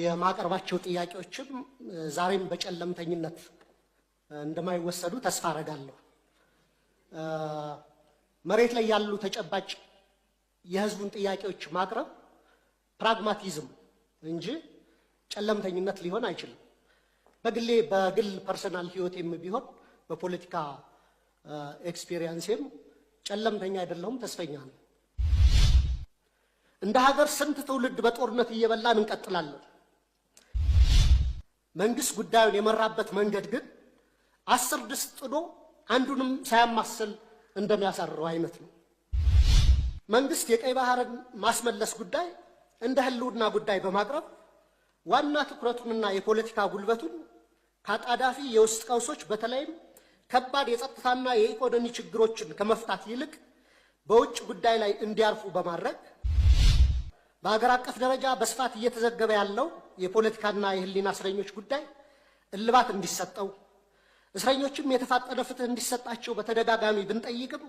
የማቀርባቸው ጥያቄዎችም ዛሬም በጨለምተኝነት እንደማይወሰዱ ተስፋ አረጋለሁ። መሬት ላይ ያሉ ተጨባጭ የህዝቡን ጥያቄዎች ማቅረብ ፕራግማቲዝም እንጂ ጨለምተኝነት ሊሆን አይችልም። በግሌ በግል ፐርሰናል ህይወቴም ቢሆን በፖለቲካ ኤክስፔሪየንሴም ጨለምተኛ አይደለሁም፣ ተስፈኛ ነው። እንደ ሀገር ስንት ትውልድ በጦርነት እየበላን እንቀጥላለን። መንግስት ጉዳዩን የመራበት መንገድ ግን አስር ድስት ጥዶ አንዱንም ሳያማስል እንደሚያሳርረው አይነት ነው። መንግስት የቀይ ባህርን ማስመለስ ጉዳይ እንደ ህልውና ጉዳይ በማቅረብ ዋና ትኩረቱንና የፖለቲካ ጉልበቱን ከአጣዳፊ የውስጥ ቀውሶች በተለይም ከባድ የጸጥታና የኢኮኖሚ ችግሮችን ከመፍታት ይልቅ በውጭ ጉዳይ ላይ እንዲያርፉ በማድረግ በሀገር አቀፍ ደረጃ በስፋት እየተዘገበ ያለው የፖለቲካና የህሊና እስረኞች ጉዳይ እልባት እንዲሰጠው እስረኞችም የተፋጠነ ፍትህ እንዲሰጣቸው በተደጋጋሚ ብንጠይቅም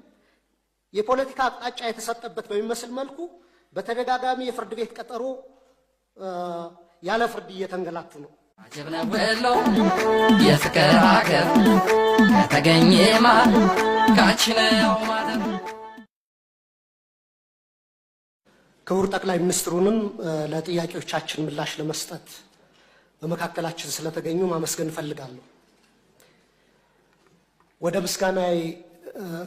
የፖለቲካ አቅጣጫ የተሰጠበት በሚመስል መልኩ በተደጋጋሚ የፍርድ ቤት ቀጠሮ ያለ ፍርድ እየተንገላቱ ነው። ወሎ የፍቅር ሀገር ከተገኘ ማለት ክቡር ጠቅላይ ሚኒስትሩንም ለጥያቄዎቻችን ምላሽ ለመስጠት በመካከላችን ስለተገኙ ማመስገን እፈልጋለሁ። ወደ ምስጋና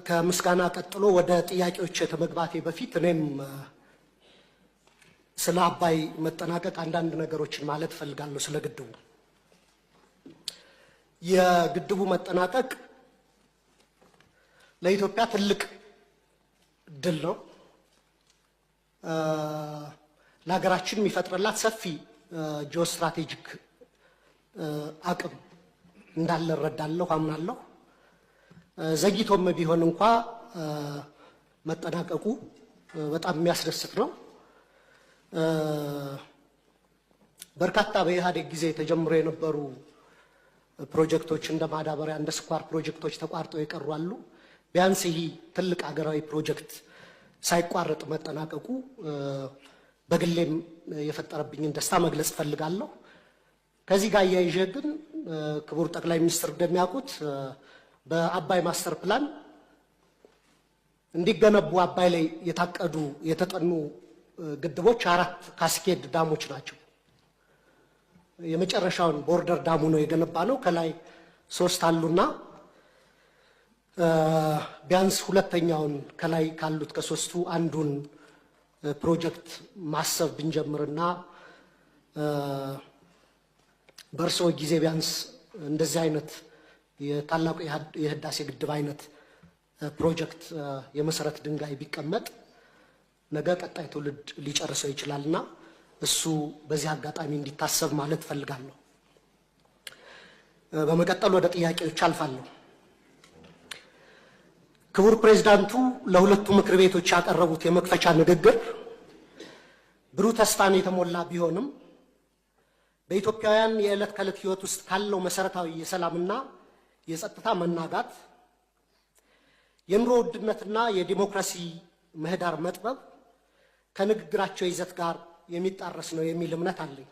ከምስጋና ቀጥሎ ወደ ጥያቄዎች ከመግባቴ በፊት እኔም ስለ አባይ መጠናቀቅ አንዳንድ ነገሮችን ማለት እፈልጋለሁ። ስለ ግድቡ የግድቡ መጠናቀቅ ለኢትዮጵያ ትልቅ ድል ነው። ለሀገራችን የሚፈጥርላት ሰፊ ጂኦ ስትራቴጂክ አቅም እንዳለ እረዳለሁ፣ አምናለሁ። ዘግይቶም ቢሆን እንኳ መጠናቀቁ በጣም የሚያስደስት ነው። በርካታ በኢህአዴግ ጊዜ ተጀምሮ የነበሩ ፕሮጀክቶች እንደ ማዳበሪያ፣ እንደ ስኳር ፕሮጀክቶች ተቋርጠው ይቀሩ አሉ። ቢያንስ ይህ ትልቅ ሀገራዊ ፕሮጀክት ሳይቋረጥ መጠናቀቁ በግሌም የፈጠረብኝን ደስታ መግለጽ እፈልጋለሁ። ከዚህ ጋር እያይዤ ግን ክቡር ጠቅላይ ሚኒስትር እንደሚያውቁት በአባይ ማስተር ፕላን እንዲገነቡ አባይ ላይ የታቀዱ የተጠኑ ግድቦች አራት ካስኬድ ዳሞች ናቸው። የመጨረሻውን ቦርደር ዳሙ ነው የገነባ ነው። ከላይ ሶስት አሉና ቢያንስ ሁለተኛውን ከላይ ካሉት ከሶስቱ አንዱን ፕሮጀክት ማሰብ ብንጀምርና በእርስዎ ጊዜ ቢያንስ እንደዚህ አይነት የታላቁ የህዳሴ ግድብ አይነት ፕሮጀክት የመሰረት ድንጋይ ቢቀመጥ ነገ ቀጣይ ትውልድ ሊጨርሰው ይችላልና እሱ በዚህ አጋጣሚ እንዲታሰብ ማለት እፈልጋለሁ። በመቀጠል ወደ ጥያቄዎች አልፋለሁ። ክቡር ፕሬዚዳንቱ ለሁለቱ ምክር ቤቶች ያቀረቡት የመክፈቻ ንግግር ብሩህ ተስፋን የተሞላ ቢሆንም በኢትዮጵያውያን የዕለት ከዕለት ሕይወት ውስጥ ካለው መሰረታዊ የሰላምና የጸጥታ መናጋት፣ የኑሮ ውድነትና የዲሞክራሲ ምህዳር መጥበብ ከንግግራቸው ይዘት ጋር የሚጣረስ ነው የሚል እምነት አለኝ።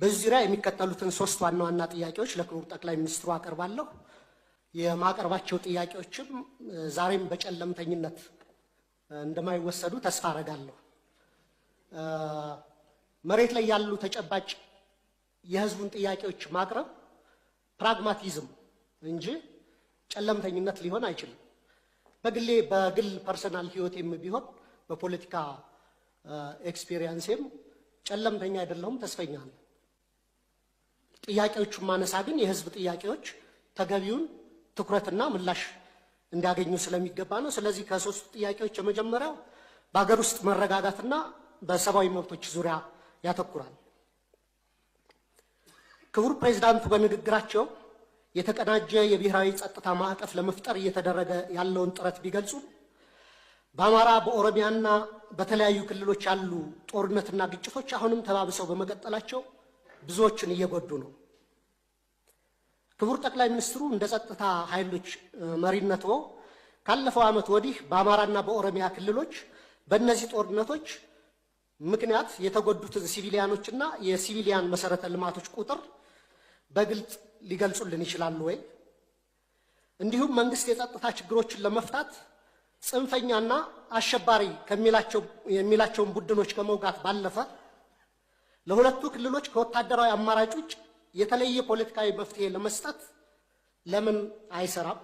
በዚህ ዙሪያ የሚከተሉትን ሶስት ዋና ዋና ጥያቄዎች ለክቡር ጠቅላይ ሚኒስትሩ አቀርባለሁ። የማቀርባቸው ጥያቄዎችም ዛሬም በጨለምተኝነት እንደማይወሰዱ ተስፋ አረጋለሁ። መሬት ላይ ያሉ ተጨባጭ የህዝቡን ጥያቄዎች ማቅረብ ፕራግማቲዝም እንጂ ጨለምተኝነት ሊሆን አይችልም። በግሌ በግል ፐርሰናል ህይወቴም ቢሆን በፖለቲካ ኤክስፔሪየንሴም ጨለምተኛ አይደለሁም፣ ተስፈኛ ነው። ጥያቄዎቹን ማነሳ ግን የህዝብ ጥያቄዎች ተገቢውን ትኩረትና ምላሽ እንዲያገኙ ስለሚገባ ነው። ስለዚህ ከሶስቱ ጥያቄዎች የመጀመሪያው በሀገር ውስጥ መረጋጋትና በሰብአዊ መብቶች ዙሪያ ያተኩራል። ክቡር ፕሬዚዳንቱ በንግግራቸው የተቀናጀ የብሔራዊ ጸጥታ ማዕቀፍ ለመፍጠር እየተደረገ ያለውን ጥረት ቢገልጹም በአማራ በኦሮሚያና በተለያዩ ክልሎች ያሉ ጦርነትና ግጭቶች አሁንም ተባብሰው በመቀጠላቸው ብዙዎችን እየጎዱ ነው። ክቡር ጠቅላይ ሚኒስትሩ እንደ ጸጥታ ኃይሎች መሪነት ካለፈው ዓመት ወዲህ በአማራና በኦሮሚያ ክልሎች በእነዚህ ጦርነቶች ምክንያት የተጎዱትን ሲቪሊያኖችና የሲቪሊያን መሰረተ ልማቶች ቁጥር በግልጽ ሊገልጹልን ይችላሉ ወይ? እንዲሁም መንግስት የጸጥታ ችግሮችን ለመፍታት ጽንፈኛና አሸባሪ የሚላቸውን ቡድኖች ከመውጋት ባለፈ ለሁለቱ ክልሎች ከወታደራዊ አማራጭ ውጭ የተለየ ፖለቲካዊ መፍትሄ ለመስጠት ለምን አይሰራም?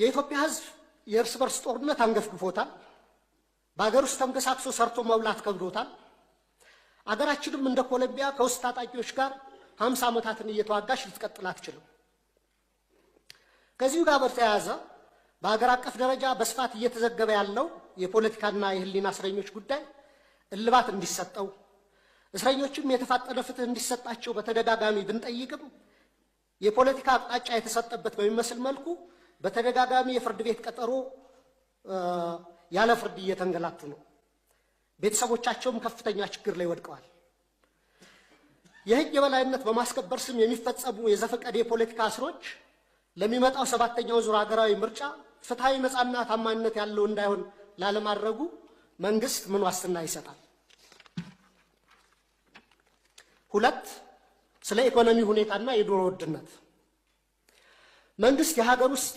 የኢትዮጵያ ሕዝብ የእርስ በርስ ጦርነት አንገፍግፎታል። በሀገር ውስጥ ተንቀሳቅሶ ሰርቶ መብላት ከብዶታል። አገራችንም እንደ ኮሎምቢያ ከውስጥ ታጣቂዎች ጋር ሀምሳ ዓመታትን እየተዋጋች ልትቀጥል አትችልም። ከዚሁ ጋር በተያያዘ በሀገር አቀፍ ደረጃ በስፋት እየተዘገበ ያለው የፖለቲካና የህሊና እስረኞች ጉዳይ እልባት እንዲሰጠው እስረኞችም የተፋጠነ ፍትህ እንዲሰጣቸው በተደጋጋሚ ብንጠይቅም የፖለቲካ አቅጣጫ የተሰጠበት በሚመስል መልኩ በተደጋጋሚ የፍርድ ቤት ቀጠሮ ያለ ፍርድ እየተንገላቱ ነው። ቤተሰቦቻቸውም ከፍተኛ ችግር ላይ ወድቀዋል። የህግ የበላይነት በማስከበር ስም የሚፈጸሙ የዘፈቀድ የፖለቲካ እስሮች ለሚመጣው ሰባተኛው ዙር ሀገራዊ ምርጫ ፍትሐዊ ነፃና ታማኝነት ያለው እንዳይሆን ላለማድረጉ መንግስት ምን ዋስትና ይሰጣል? ሁለት ስለ ኢኮኖሚ ሁኔታና የዶሮ ውድነት መንግስት የሀገር ውስጥ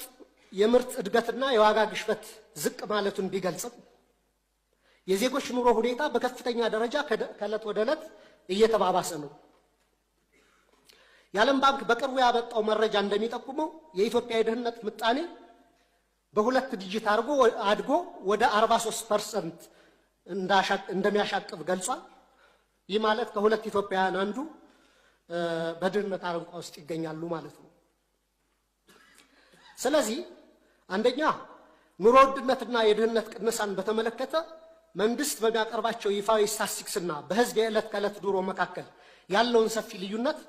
የምርት እድገትና የዋጋ ግሽበት ዝቅ ማለቱን ቢገልጽም የዜጎች ኑሮ ሁኔታ በከፍተኛ ደረጃ ከእለት ወደ ዕለት እየተባባሰ ነው። የዓለም ባንክ በቅርቡ ያበጣው መረጃ እንደሚጠቁመው የኢትዮጵያ የድህነት ምጣኔ በሁለት ዲጂት አድጎ ወደ 43 ፐርሰንት እንደሚያሻቅብ ገልጿል። ይህ ማለት ከሁለት ኢትዮጵያውያን አንዱ በድህነት አረንቋ ውስጥ ይገኛሉ ማለት ነው። ስለዚህ አንደኛ ኑሮ ውድነትና የድህነት ቅነሳን በተመለከተ መንግስት በሚያቀርባቸው ይፋዊ ስታስቲክስና በህዝብ የዕለት ከዕለት ዱሮ መካከል ያለውን ሰፊ ልዩነት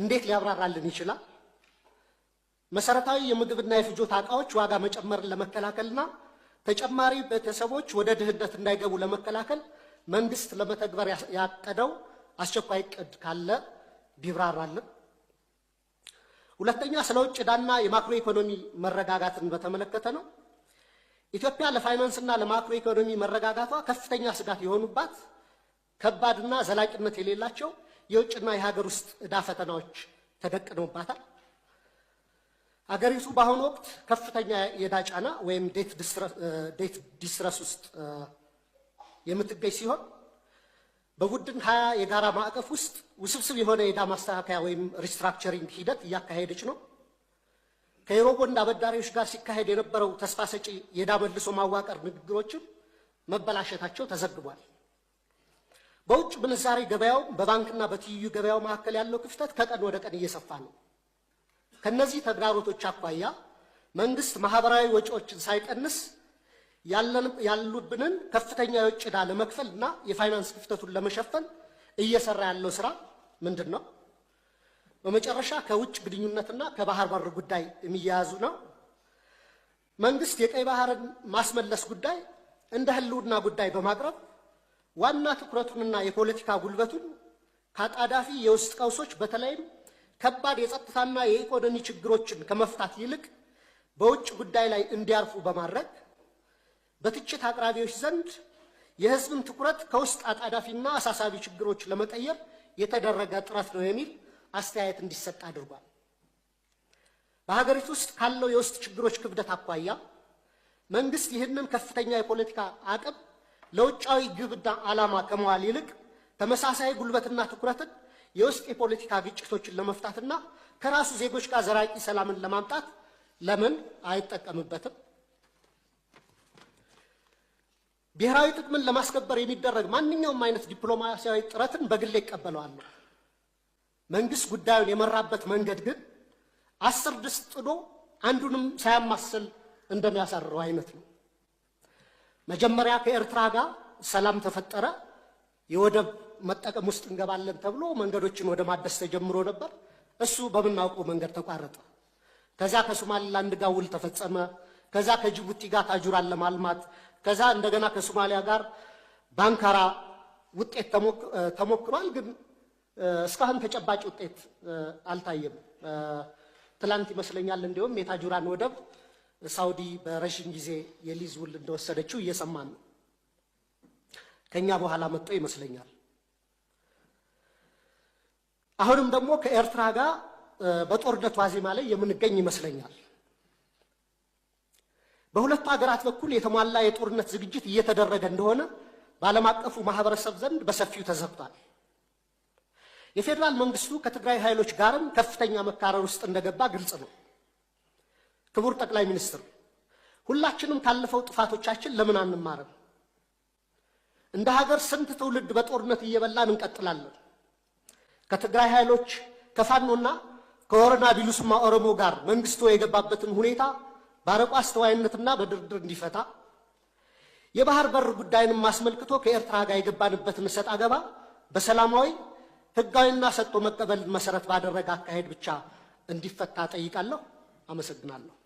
እንዴት ሊያብራራልን ይችላል? መሰረታዊ የምግብና የፍጆታ እቃዎች ዋጋ መጨመርን ለመከላከልና ተጨማሪ ቤተሰቦች ወደ ድህነት እንዳይገቡ ለመከላከል መንግስት ለመተግበር ያቀደው አስቸኳይ እቅድ ካለ ቢብራራልን። ሁለተኛ ስለ ውጭ ዕዳና የማክሮ ኢኮኖሚ መረጋጋትን በተመለከተ ነው። ኢትዮጵያ ለፋይናንስና ለማክሮ ኢኮኖሚ መረጋጋቷ ከፍተኛ ስጋት የሆኑባት ከባድና ዘላቂነት የሌላቸው የውጭና የሀገር ውስጥ ዕዳ ፈተናዎች ተደቅኖባታል። አገሪቱ በአሁኑ ወቅት ከፍተኛ የዕዳ ጫና ወይም ዴት ዲስትረስ ውስጥ የምትገኝ ሲሆን በቡድን ሀያ የጋራ ማዕቀፍ ውስጥ ውስብስብ የሆነ የዳ ማስተካከያ ወይም ሪስትራክቸሪንግ ሂደት እያካሄደች ነው። ከዩሮቦንድ አበዳሪዎች ጋር ሲካሄድ የነበረው ተስፋ ሰጪ የዳ መልሶ ማዋቀር ንግግሮችም መበላሸታቸው ተዘግቧል። በውጭ ምንዛሬ ገበያው በባንክና በትይዩ ገበያው መካከል ያለው ክፍተት ከቀን ወደ ቀን እየሰፋ ነው። ከነዚህ ተግዳሮቶች አኳያ መንግስት ማህበራዊ ወጪዎችን ሳይቀንስ ያሉብንን ከፍተኛ የውጭ ዕዳ ለመክፈል እና የፋይናንስ ክፍተቱን ለመሸፈን እየሰራ ያለው ስራ ምንድን ነው? በመጨረሻ ከውጭ ግንኙነትና ከባህር በር ጉዳይ የሚያያዙ ነው። መንግስት የቀይ ባህርን ማስመለስ ጉዳይ እንደ ህልውና ጉዳይ በማቅረብ ዋና ትኩረቱንና የፖለቲካ ጉልበቱን ከአጣዳፊ የውስጥ ቀውሶች በተለይም ከባድ የጸጥታና የኢኮኖሚ ችግሮችን ከመፍታት ይልቅ በውጭ ጉዳይ ላይ እንዲያርፉ በማድረግ በትችት አቅራቢዎች ዘንድ የህዝብን ትኩረት ከውስጥ አጣዳፊና አሳሳቢ ችግሮች ለመቀየር የተደረገ ጥረት ነው የሚል አስተያየት እንዲሰጥ አድርጓል። በሀገሪቱ ውስጥ ካለው የውስጥ ችግሮች ክብደት አኳያ መንግስት ይህንን ከፍተኛ የፖለቲካ አቅም ለውጫዊ ግብና ዓላማ ከመዋል ይልቅ ተመሳሳይ ጉልበትና ትኩረትን የውስጥ የፖለቲካ ግጭቶችን ለመፍታትና ከራሱ ዜጎች ጋር ዘራቂ ሰላምን ለማምጣት ለምን አይጠቀምበትም? ብሔራዊ ጥቅምን ለማስከበር የሚደረግ ማንኛውም አይነት ዲፕሎማሲያዊ ጥረትን በግሌ ይቀበለዋለሁ። መንግስት ጉዳዩን የመራበት መንገድ ግን አስር ድስት ጥዶ አንዱንም ሳያማስል እንደሚያሳርረው አይነት ነው። መጀመሪያ ከኤርትራ ጋር ሰላም ተፈጠረ፣ የወደብ መጠቀም ውስጥ እንገባለን ተብሎ መንገዶችን ወደ ማደስ ተጀምሮ ነበር። እሱ በምናውቀው መንገድ ተቋረጠ። ከዛ ከሶማሊላንድ ጋር ውል ተፈጸመ። ከዛ ከጅቡቲ ጋር ታጁራን ለማልማት ከዛ እንደገና ከሶማሊያ ጋር በአንካራ ውጤት ተሞክሯል፣ ግን እስካሁን ተጨባጭ ውጤት አልታየም። ትላንት ይመስለኛል እንዲሁም የታጁራን ወደብ ሳውዲ በረዥም ጊዜ የሊዝ ውል እንደወሰደችው እየሰማን ነው። ከኛ በኋላ መጥቶ ይመስለኛል። አሁንም ደግሞ ከኤርትራ ጋር በጦርነት ዋዜማ ላይ የምንገኝ ይመስለኛል። በሁለቱ ሀገራት በኩል የተሟላ የጦርነት ዝግጅት እየተደረገ እንደሆነ በዓለም አቀፉ ማህበረሰብ ዘንድ በሰፊው ተዘግቷል። የፌዴራል መንግስቱ ከትግራይ ኃይሎች ጋርም ከፍተኛ መካረር ውስጥ እንደገባ ግልጽ ነው። ክቡር ጠቅላይ ሚኒስትር፣ ሁላችንም ካለፈው ጥፋቶቻችን ለምን አንማርም? እንደ ሀገር ስንት ትውልድ በጦርነት እየበላን እንቀጥላለን? ከትግራይ ኃይሎች ከፋኖና ከወረና ቢሉስማ ኦሮሞ ጋር መንግስቱ የገባበትን ሁኔታ ባረቆ አስተዋይነትና በድርድር እንዲፈታ የባህር በር ጉዳይንም አስመልክቶ ከኤርትራ ጋር የገባንበትን እሰጥ አገባ በሰላማዊ ህጋዊና ሰጥቶ መቀበል መሰረት ባደረገ አካሄድ ብቻ እንዲፈታ ጠይቃለሁ። አመሰግናለሁ።